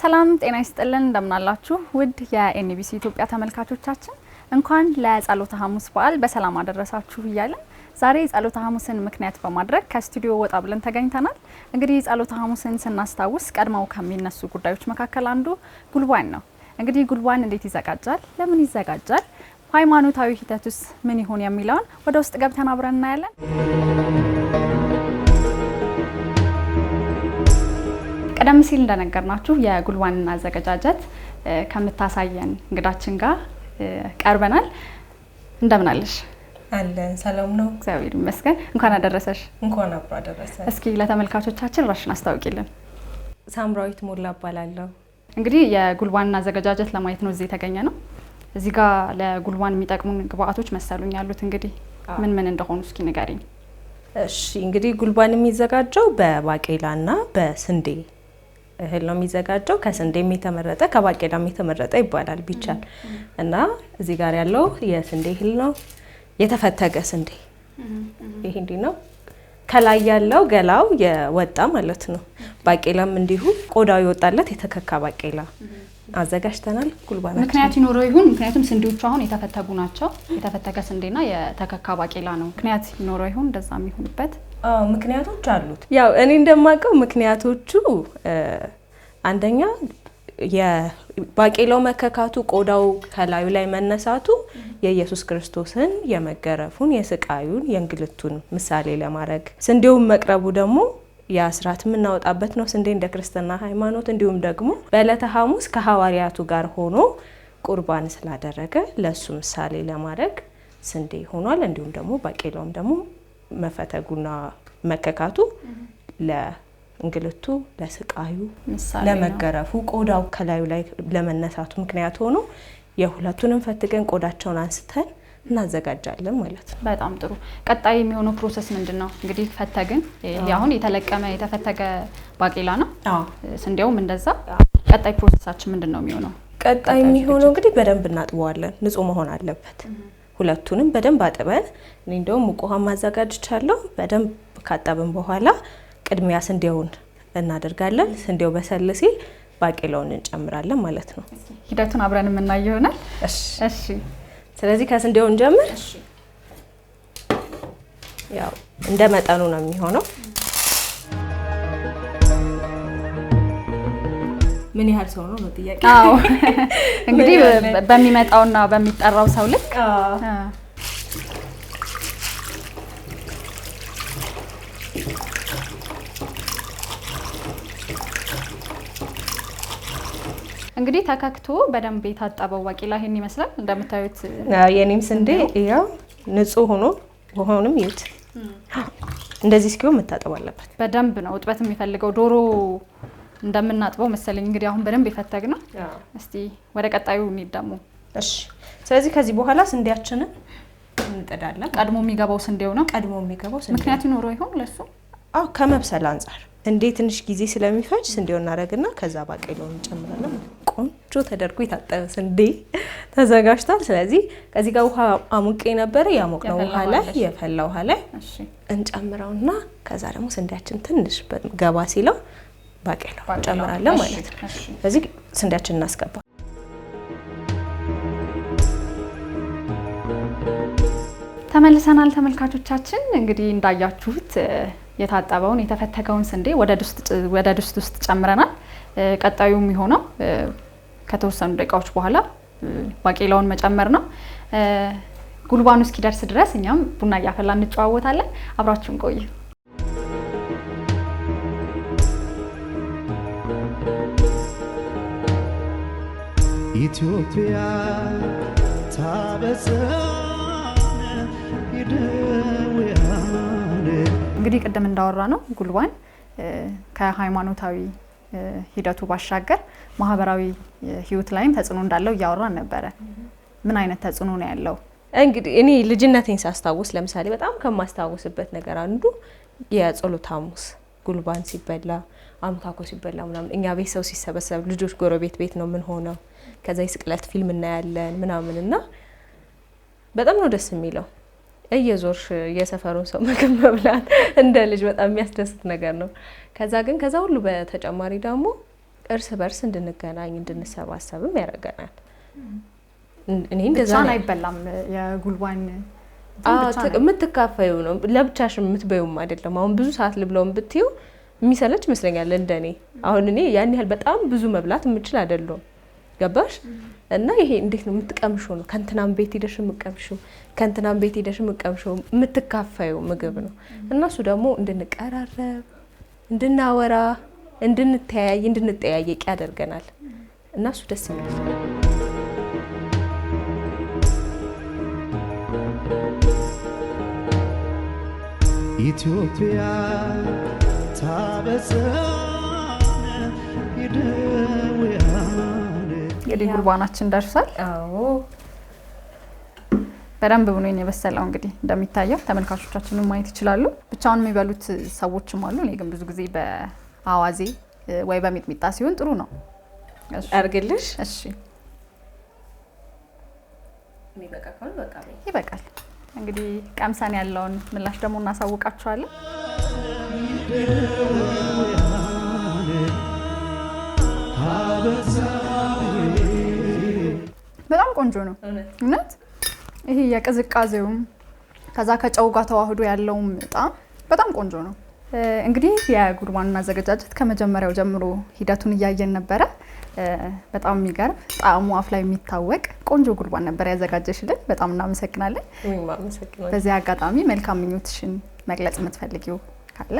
ሰላም ጤና ይስጥልን እንደምናላችሁ ውድ የኤንቢሲ ኢትዮጵያ ተመልካቾቻችን እንኳን ለጸሎተ ሐሙስ በዓል በሰላም አደረሳችሁ እያለን ዛሬ ጸሎተ ሐሙስን ምክንያት በማድረግ ከስቱዲዮ ወጣ ብለን ተገኝተናል። እንግዲህ ጸሎተ ሐሙስን ስናስታውስ ቀድመው ከሚነሱ ጉዳዮች መካከል አንዱ ጉልባን ነው። እንግዲህ ጉልባን እንዴት ይዘጋጃል? ለምን ይዘጋጃል? ሃይማኖታዊ ሂደቱስ ምን ይሆን የሚለውን ወደ ውስጥ ገብተን አብረን እናያለን። ቀደም ሲል እንደነገርናችሁ የጉልባንና አዘገጃጀት ከምታሳየን እንግዳችን ጋር ቀርበናል። እንደምን አለሽ? አለን። ሰላም ነው? እግዚአብሔር ይመስገን። እንኳን አደረሰሽ። እንኳን አብሮ አደረሰ። እስኪ ለተመልካቾቻችን ራሽን አስታውቂልን። ሳምራዊት ሞላ እባላለሁ። እንግዲህ የጉልባንና አዘገጃጀት ለማየት ነው እዚህ የተገኘ ነው። እዚህ ጋር ለጉልባን የሚጠቅሙን ግብአቶች መሰሉኝ ያሉት እንግዲህ ምን ምን እንደሆኑ እስኪ ንገሪኝ። እሺ እንግዲህ ጉልባን የሚዘጋጀው በባቄላና በስንዴ እህል ነው የሚዘጋጀው። ከስንዴም የተመረጠ ከባቄላም የተመረጠ ይባላል ቢቻል እና እዚህ ጋር ያለው የስንዴ እህል ነው የተፈተገ ስንዴ። ይህ እንዲህ ነው ከላይ ያለው ገላው የወጣ ማለት ነው። ባቄላም እንዲሁ ቆዳው የወጣለት የተከካ ባቄላ አዘጋጅተናል። ጉልባና ምክንያት ይኖረው ይሁን? ምክንያቱም ስንዴዎቹ አሁን የተፈተጉ ናቸው። የተፈተገ ስንዴና የተከካ ባቄላ ነው። ምክንያት ይኖረው ይሁን? እንደዛ የሚሆንበት ምክንያቶች አሉት። ያው እኔ እንደማውቀው ምክንያቶቹ አንደኛ የባቄላው መከካቱ ቆዳው ከላዩ ላይ መነሳቱ የኢየሱስ ክርስቶስን የመገረፉን፣ የስቃዩን፣ የእንግልቱን ምሳሌ ለማድረግ ስንዴውን መቅረቡ ደግሞ የአስራት የምናወጣበት ነው። ስንዴ እንደ ክርስትና ሃይማኖት እንዲሁም ደግሞ በዕለተ ሐሙስ ከሐዋርያቱ ጋር ሆኖ ቁርባን ስላደረገ ለእሱ ምሳሌ ለማድረግ ስንዴ ሆኗል። እንዲሁም ደግሞ ባቄላውም ደግሞ መፈተጉና መከካቱ ለእንግልቱ፣ ለስቃዩ፣ ለመገረፉ ቆዳው ከላዩ ላይ ለመነሳቱ ምክንያት ሆኖ የሁለቱንም ፈትገን ቆዳቸውን አንስተን እናዘጋጃለን ማለት ነው። በጣም ጥሩ። ቀጣይ የሚሆነው ፕሮሰስ ምንድን ነው? እንግዲህ ፈተግን። አሁን የተለቀመ የተፈተገ ባቄላ ነው፣ ስንዴውም እንደዛ። ቀጣይ ፕሮሰሳችን ምንድን ነው የሚሆነው? ቀጣይ የሚሆነው እንግዲህ በደንብ እናጥበዋለን። ንጹህ መሆን አለበት። ሁለቱንም በደንብ አጥበን እኔ እንደውም ሙቅ ውሃ ማዘጋጅቻለሁ። በደንብ ካጠብን በኋላ ቅድሚያ ስንዴውን እናደርጋለን። ስንዴው በሰል ሲል ባቄላውን እንጨምራለን ማለት ነው። ሂደቱን አብረን የምናየው ይሆናል። እሺ ስለዚህ ከስንዴውን ጀምር ያው እንደ መጠኑ ነው የሚሆነው። ምን ያህል ሰው ነው ነው ጥያቄ? አዎ እንግዲህ በሚመጣውና በሚጠራው ሰው ልክ እንግዲህ ተከክቶ በደንብ የታጠበው ባቄላ ይሄን ይመስላል እንደምታዩት። የኔም ስንዴ ያው ንጹህ ሆኖ ሆኖም ይዩት። እንደዚህ እስኪሆን መታጠብ አለበት። በደንብ ነው እጥበት የሚፈልገው ዶሮ እንደምናጥበው መሰለኝ። እንግዲህ አሁን በደንብ የፈተግ ነው። እስቲ ወደ ቀጣዩ እንሂድ ደግሞ። እሺ። ስለዚህ ከዚህ በኋላ ስንዴያችንን እንጥዳለን። ቀድሞ የሚገባው ስንዴው ነው። ቀድሞ የሚገባው ስንዴ ምክንያቱ ኖሮ ይሆን ለሱ? አዎ ከመብሰል አንጻር እንዴ ትንሽ ጊዜ ስለሚፈጅ ስንዴው እናደርግና ከዛ ባቄላውን እንጨምራለን። ቆንጆ ተደርጎ የታጠበ ስንዴ ተዘጋጅቷል። ስለዚህ ከዚህ ጋር ውሃ አሙቄ ነበረ ያሞቅነው ውሃ ላይ የፈላ ውሃ ላይ እንጨምረውና ከዛ ደግሞ ስንዴያችን ትንሽ ገባ ሲለው ባቄላው እንጨምራለን ማለት ነው። ስለዚህ ስንዴያችን እናስገባ ተመልሰናል ተመልካቾቻችን። እንግዲህ እንዳያችሁት የታጠበውን የተፈተገውን ስንዴ ወደ ድስት ውስጥ ጨምረናል። ቀጣዩ የሚሆነው ከተወሰኑ ደቂቃዎች በኋላ ባቄላውን መጨመር ነው። ጉልባኑ እስኪደርስ ድረስ እኛም ቡና እያፈላ እንጨዋወታለን። አብራችሁን ቆዩ። ኢትዮጵያ እንግዲህ ቅድም እንዳወራ ነው ጉልባን ከሃይማኖታዊ ሂደቱ ባሻገር ማህበራዊ ህይወት ላይም ተጽዕኖ እንዳለው እያወራን ነበረ። ምን አይነት ተጽዕኖ ነው ያለው? እንግዲህ እኔ ልጅነቴን ሳስታውስ ለምሳሌ በጣም ከማስታውስበት ነገር አንዱ የጸሎት ሐሙስ ጉልባን ሲበላ አምካኮ ሲበላ ምናምን እኛ ቤት ሰው ሲሰበሰብ ልጆች ጎረቤት ቤት ነው ምን ሆነው ከዛ የስቅለት ፊልም እናያለን ምናምን እና በጣም ነው ደስ የሚለው እየዞርሽ የሰፈሩን ሰው ምግብ መብላት እንደ ልጅ በጣም የሚያስደስት ነገር ነው። ከዛ ግን ከዛ ሁሉ በተጨማሪ ደግሞ እርስ በርስ እንድንገናኝ እንድንሰባሰብም ያደርገናል። እኔ እንደዛ አይበላም የጉልባን የምትካፈዩ ነው ለብቻሽ የምትበዩም አይደለም። አሁን ብዙ ሰዓት ልብለውን ብትዩ የሚሰለች ይመስለኛል እንደኔ። አሁን እኔ ያን ያህል በጣም ብዙ መብላት የምችል አይደለም። ገባሽ? እና ይሄ እንዴት ነው የምትቀምሹ ነው ከእንትናም ቤት ሄደሽ የምቀምሹ ከእንትናም ቤት ሄደሽ የምቀምሹ የምትካፋዩ ምግብ ነው። እና እሱ ደግሞ እንድንቀራረብ፣ እንድናወራ፣ እንድንተያይ፣ እንድንጠያየቅ ያደርገናል። እና እሱ ደስ የሚል ኢትዮጵያ ታበሰ እንግዲህ ጉርባናችን ደርሷል። በደንብ ብሎ ነው የበሰለው። እንግዲህ እንደሚታየው ተመልካቾቻችንን ማየት ይችላሉ። ብቻውን የሚበሉት ሰዎችም አሉ። እኔ ግን ብዙ ጊዜ በአዋዜ ወይ በሚጥሚጣ ሲሆን ጥሩ ነው። አርግልሽ። እሺ፣ ይበቃል። እንግዲህ ቀምሰን ያለውን ምላሽ ደግሞ እናሳውቃችኋለን። አበዛ በጣም ቆንጆ ነው እውነት። ይሄ የቅዝቃዜውም ከዛ ከጨው ጋር ተዋህዶ ያለውም ጣም በጣም ቆንጆ ነው። እንግዲህ የጉርማኑን አዘገጃጀት ከመጀመሪያው ጀምሮ ሂደቱን እያየን ነበረ። በጣም የሚገርም ጣዕሙ አፍ ላይ የሚታወቅ ቆንጆ ጉርባን ነበር ያዘጋጀሽልን። በጣም እናመሰግናለን። በዚህ አጋጣሚ መልካም ምኞትሽን መግለጽ የምትፈልጊው ካለ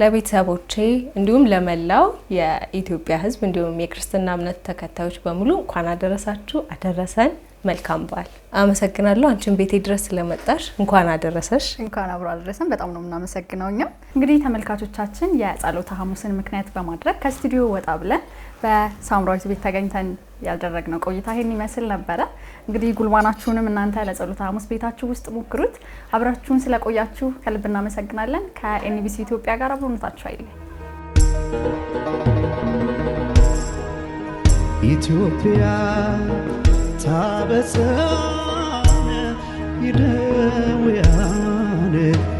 ለቤተሰቦቼ እንዲሁም ለመላው የኢትዮጵያ ሕዝብ እንዲሁም የክርስትና እምነት ተከታዮች በሙሉ እንኳን አደረሳችሁ አደረሰን። መልካም በዓል። አመሰግናለሁ። አንቺን ቤቴ ድረስ ስለመጣሽ እንኳን አደረሰሽ። እንኳን አብሮ አደረሰን። በጣም ነው የምናመሰግነው። እኛም እንግዲህ ተመልካቾቻችን የጸሎተ ሐሙስን ምክንያት በማድረግ ከስቱዲዮ ወጣ ብለን በሳምራዊት ቤት ተገኝተን ያደረግነው ቆይታ ይሄን ይመስል ነበረ። እንግዲህ ጉልባናችሁንም እናንተ ለጸሎተ ሐሙስ ቤታችሁ ውስጥ ሞክሩት። አብራችሁን ስለቆያችሁ ከልብ እናመሰግናለን። ከኤንቢሲ ኢትዮጵያ ጋር አብሮነታችሁ አይለ ኢትዮጵያ ታበጽሐነ ይደውያነ